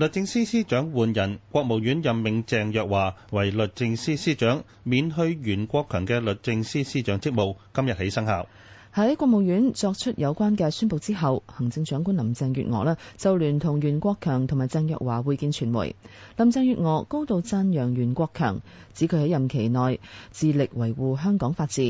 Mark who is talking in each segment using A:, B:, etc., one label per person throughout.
A: 律政司司長換人，國務院任命鄭若驊為律政司司長，免去袁國強嘅律政司司長職務，今日起生效。
B: 喺國務院作出有關嘅宣布之後，行政長官林鄭月娥呢，就聯同袁國強同埋鄭若驊會見傳媒。林鄭月娥高度讚揚袁國強，指佢喺任期內致力維護香港法治，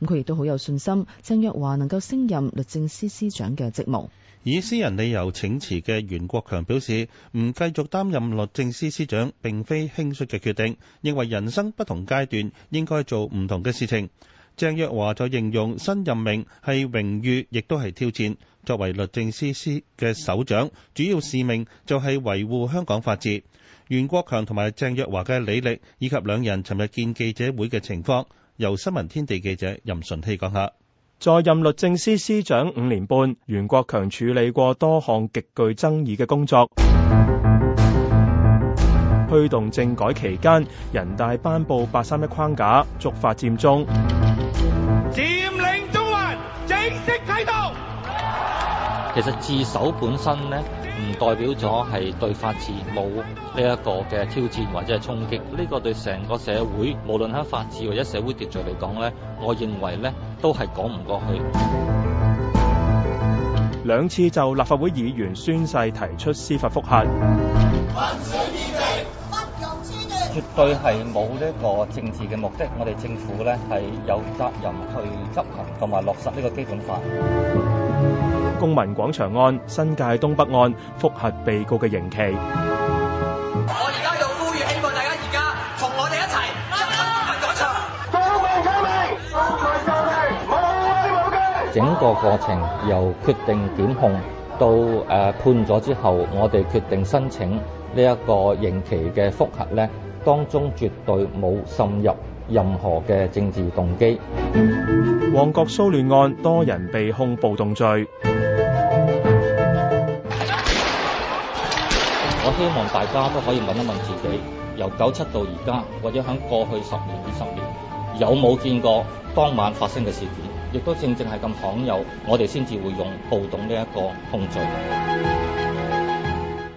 B: 咁佢亦都好有信心鄭若驊能夠升任律政司司長嘅職務。
A: 以私人理由請辭嘅袁國強表示，唔繼續擔任律政司司長並非輕率嘅決定，認為人生不同階段應該做唔同嘅事情。鄭若驊就形容新任命係榮譽，亦都係挑戰。作為律政司司嘅首長，主要使命就係維護香港法治。袁國強同埋鄭若驊嘅履歷以及兩人尋日見記者會嘅情況，由新聞天地記者任順熙講下。在任律政司司
C: 長五年半，袁國強處理過多項極具爭議嘅工作。推動政改期間，人大頒布《八三一》框
D: 架，觸發佔中。其實自首本身咧，唔代表咗係對法治冇呢一個嘅挑戰或者係衝擊。呢個對成個社會，無論喺法治或者社會秩序嚟講咧，我認為咧都係講唔過去。
C: 兩次就立法會議員宣誓提出司法覆核，
A: 絕
D: 對係冇呢一個政治嘅目的。我哋政府咧係有責任去執行同埋落實呢個基本法。
C: 公民廣場案、新界東北案覆核被告嘅刑期，
A: 我而家就呼籲，希望大家而家同我哋一齊，公民廣場，
D: 整個過程由決定檢控到誒判咗之後，我哋決定申請呢一個刑期嘅覆核呢，當中絕對冇滲入。任何嘅政治動機。旺角騷亂案多人被控暴動罪。 我希望大家都可以問一問自己，由九七到而家，或者喺過去十年二十年，有冇見過當晚發生嘅事件？亦都正正係咁罕有，我哋先至會用暴動呢一個控罪。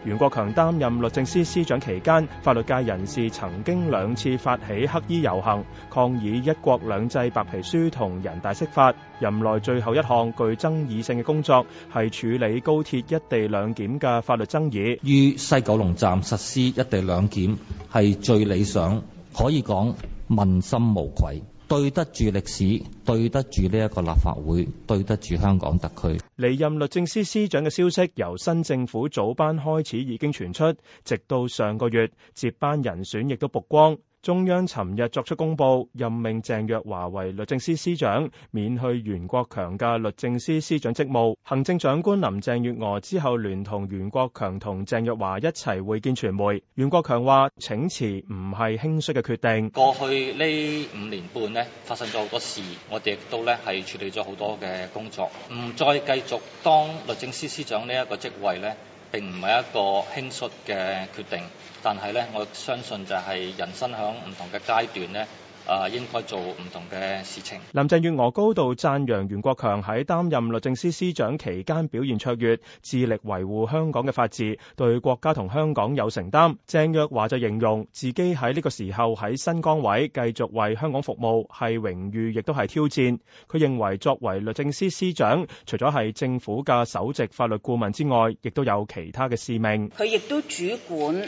D: 袁國強擔
C: 任律政司司長期間，法律界人士曾經兩次發起黑衣遊行，抗議一國兩制白皮書同人大釋法。任內最後一項具爭議性嘅工作係處理高鐵一地兩檢嘅法律爭議。於西九
D: 龍站實施一地兩檢係最理想，可以講問心無愧。對得住歷史，對得住呢一個立法會，對得住香港特區。
C: 離任律政司司長嘅消息，由新政府組班開始已經傳出，直到上個月接班人選亦都曝光。中央尋日作出公布，任命鄭若驊為律政司司長，免去袁國強嘅律政司司長職務。行政長官林鄭月娥之後聯同袁國強同鄭若驊一齊會見傳媒。袁國強話：請辭唔係輕率嘅決定。過
D: 去呢五年半呢發生咗好多事，我哋亦都咧係處理咗好多嘅工作。唔再繼續當律政司司長呢一個職位咧，並唔係一個輕率嘅決定。但係咧，我相信就係人生響唔同嘅階段呢，啊、呃，應該做唔同嘅事情。
C: 林鄭月娥高度讚揚袁國強喺擔任律政司司長期間表現卓越，致力維護香港嘅法治，對國家同香港有承擔。鄭若驊就形容自己喺呢個時候喺新崗位繼續為香港服務係榮譽，亦都係挑戰。佢認為作為律政司司長，除咗係政府嘅首席法律顧問之外，亦都有其他嘅使命。
B: 佢亦都主管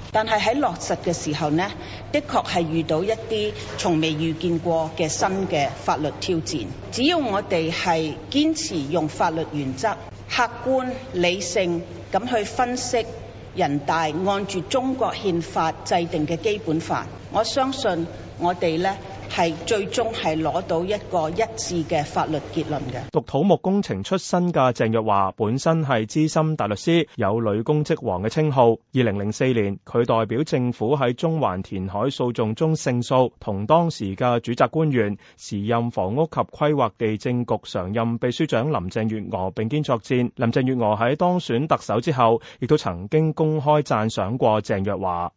B: 但係喺落實嘅時候呢，的確係遇到一啲從未遇見過嘅新嘅法律挑戰。只要我哋係堅持用法律原則、客觀理性咁去分析人大按住中國憲法制定嘅基本法，我相信我哋呢。係最終係攞到一個一致嘅法律結論嘅。
C: 讀土木工程出身嘅鄭若驊，本身係資深大律師，有女公職王嘅稱號。二零零四年，佢代表政府喺中環填海訴訟中勝訴，同當時嘅主責官員、時任房屋及規劃地政局常任秘書長林鄭月娥並肩作戰。林鄭月娥喺當選特首之後，亦都曾經公開讚賞過鄭若驊。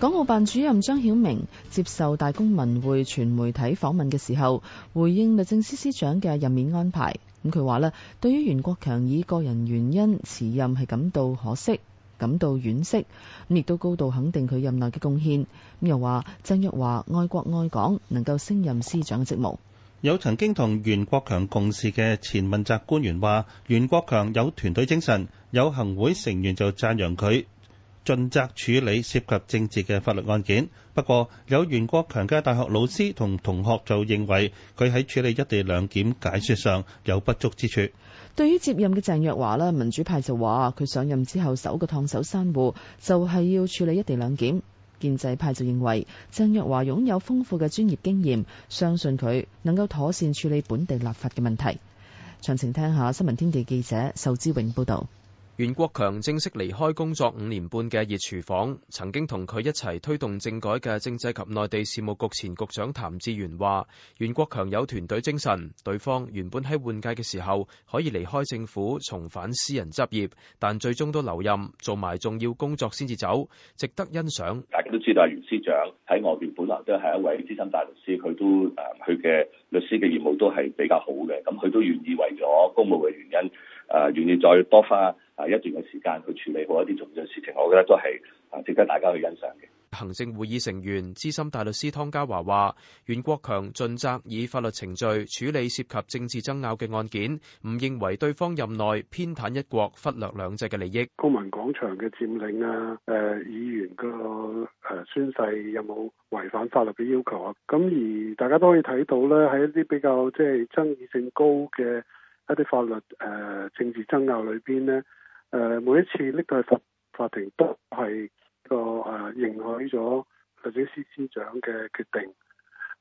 B: 港澳辦主任張曉明接受大公文匯傳媒體訪問嘅時候，回應律政司司長嘅任免安排。咁佢話咧，對於袁國強以個人原因辭任係感到可惜、感到惋惜。咁亦都高度肯定佢任內嘅貢獻。咁又話，鄭若驊愛國愛港，能夠升任司長嘅職務。
A: 有曾經同袁國強共事嘅前問責官員話，袁國強有團隊精神。有行會成員就讚揚佢。盡責處理涉及政治嘅法律案件。不過，有袁國強嘅大學老師同同學就認為，佢喺處理一地兩檢解説上有不足之處。
B: 對於接任嘅鄭若驊咧，民主派就話佢上任之後首個燙手山芋就係、是、要處理一地兩檢。建制派就認為鄭若驊擁有豐富嘅專業經驗，相信佢能夠妥善處理本地立法嘅問題。詳情聽下新聞天地記,記者仇之永報導。
E: 袁國強正式離開工作五年半嘅熱廚房，曾經同佢一齊推動政改嘅政制及內地事務局前局長譚志源話：袁國強有團隊精神，對方原本喺換屆嘅時候可以離開政府，重返私人執業，但最終都留任做埋重要工作先至走，值得欣賞。
C: 大家都知道啊，袁司長喺外邊本來都係一位資深大律師，佢都誒佢嘅律師嘅業務都係比較好嘅，咁佢都願意為咗公務嘅原因誒，願意再多花一段嘅時間去處理好一啲重要事情，我覺得都係啊值得大家去欣賞
E: 嘅。行政會議成員資深大律師湯家驊話，袁國強盡責以法律程序處理涉及政治爭拗嘅案件，唔認為對方任內偏袒一國、忽略兩制嘅利益。
A: 公民廣場嘅佔領啊，誒、呃，議員個誒宣誓有冇違反法律嘅要求啊？咁而大家都可以睇到咧，喺一啲比較即係爭議性高嘅一啲法律誒、呃、政治爭拗裏邊呢。誒，每一次拎到法法庭都係個誒、啊、認許咗律政司司長嘅決定。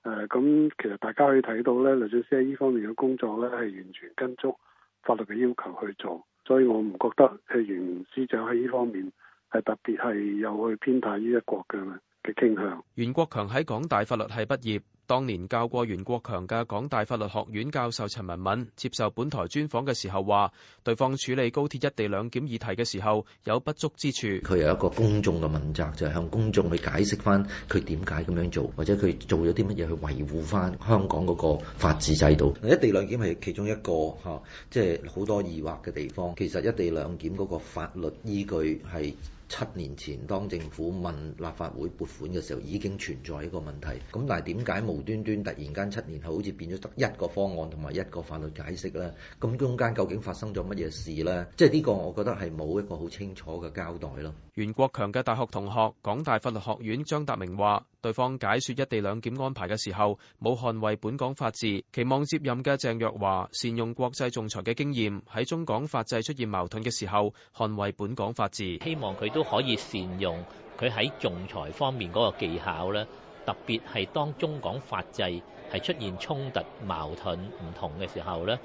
A: 誒、啊、咁其實大家可以睇到咧，律政司喺呢方面嘅工作咧，係完全跟足法律嘅要求去做，所以我唔覺得係袁司長喺呢方面係特別係有去偏袒於一國嘅嘅傾向。
E: 袁國強喺港大法律系畢業。當年教過袁國強嘅港大法律學院教授陳文敏接受本台專訪嘅時候話，對方處理高鐵一地兩檢議題嘅時候有不足之處。
D: 佢有一個公眾嘅問責，就係向公眾去解釋翻佢點解咁樣做，或者佢做咗啲乜嘢去維護翻香港嗰個法治制度。一地兩檢係其中一個吓，即係好多疑惑嘅地方。其實一地兩檢嗰個法律依據係。七年前，當政府問立法會撥款嘅時候，已經存在一個問題。咁但係點解無端端突然間七年後，好似變咗得一個方案同埋一個法律解釋呢？咁中間究竟發生咗乜嘢事呢？即係呢個，我覺得係冇一個好清楚嘅交
E: 代咯。袁國強嘅大學同學、港大法律學院張達明話。對方解說一地兩檢安排嘅時候，冇捍衛本港法治。期望接任嘅鄭若驊善用國際仲裁嘅經驗，喺中港法制出現矛盾嘅時候，捍衛本港法治。希望佢都可以善用佢喺仲裁方面嗰個技巧咧，特別
D: 係當中港法制係出現衝突、矛盾唔同嘅時候咧。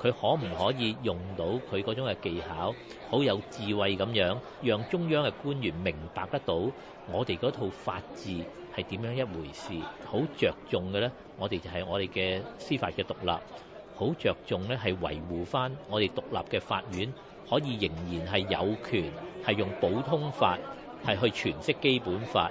D: 佢可唔可以用到佢嗰種嘅技巧，好有智慧咁樣讓中央嘅官員明白得到我哋嗰套法治係點樣一回事？好着重嘅咧，我哋就係我哋嘅司法嘅獨立，好着重咧係維護翻我哋獨立嘅法院，可以仍然係有權，係用普通法系去詮釋基本法。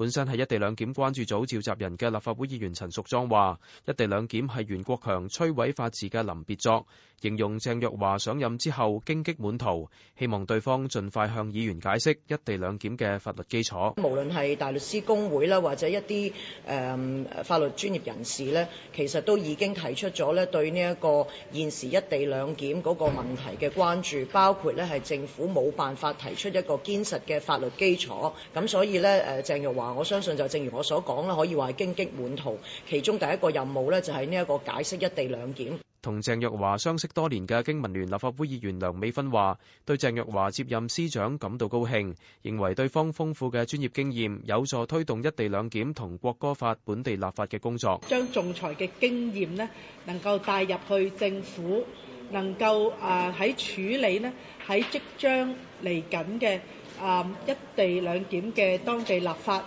E: 本身係一地兩檢關注組召集人嘅立法會議員陳淑莊話：一地兩檢係袁國強摧毀法治嘅臨別作，形容鄭若驊上任之後荊棘滿途，希望對方盡快向議員解釋一地兩檢嘅法律基礎。
B: 無論係大律師公會啦，或者一啲誒法律專業人士咧，其實都已經提出咗咧對呢一個現時一地兩檢嗰個問題嘅關注，包括咧係政府冇辦法提出一個堅實嘅法律基礎，咁所以咧誒鄭若驊。我相信就正如我所講啦，可以話係荊棘滿途。其中第一個任務咧，就係呢一個解釋一地兩檢。
E: 同鄭若驊相識多年嘅經民聯立法會議員梁美芬話，對鄭若驊接任司長感到高興，認為對方豐富嘅專業經驗有助推動一地兩檢同國歌法本地立法嘅工作。
B: 將仲裁嘅經驗咧，能夠帶入去政府，能夠誒喺處理咧喺即將嚟緊嘅誒一地兩檢嘅當地立法。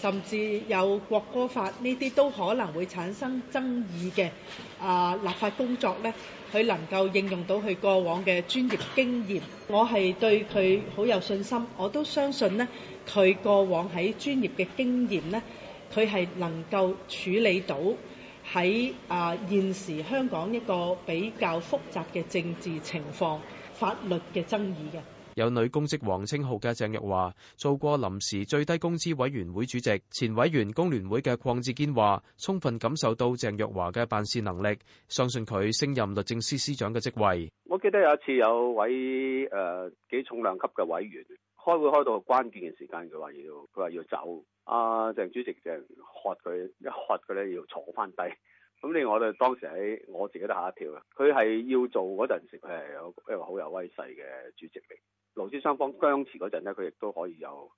B: 甚至有國歌法呢啲都可能會產生爭議嘅啊立法工作呢，佢能夠應用到佢過往嘅專業經驗，我係對佢好有信心，我都相信呢，佢過往喺專業嘅經驗呢，佢係能夠處理到喺啊現時香港一個比較複雜嘅政治情況、法律嘅爭議嘅。
E: 有女公職王稱號嘅鄭若驊做過臨時最低工資委員會主席，前委員工聯會嘅鄺志堅話，充分感受到鄭若驊嘅辦事能力，相信佢升任律政司司長嘅職位。
C: 我記得有一次有位誒、呃、幾重量級嘅委員開會開到關鍵嘅時間，佢話要佢話要走。阿、啊、鄭主席就喝佢一喝佢，咧要坐翻低。咁另外咧，當時喺我自己都吓一跳啊！佢係要做嗰陣時有，佢係一個好有威勢嘅主席嚟。勞資雙方僵持嗰陣咧，佢亦都可以有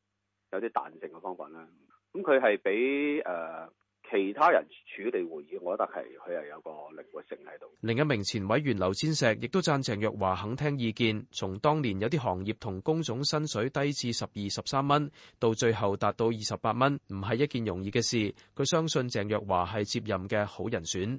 C: 有啲彈性嘅方法啦。咁佢係畀誒、呃、其他人處理會議，我覺得係佢係有個靈活性喺度。
E: 另一名前委員劉千石亦都讚鄭若驊肯聽意見。從當年有啲行業同工種薪水低至十二、十三蚊，到最後達到二十八蚊，唔係一件容易嘅事。佢相信鄭若驊係接任嘅好人選。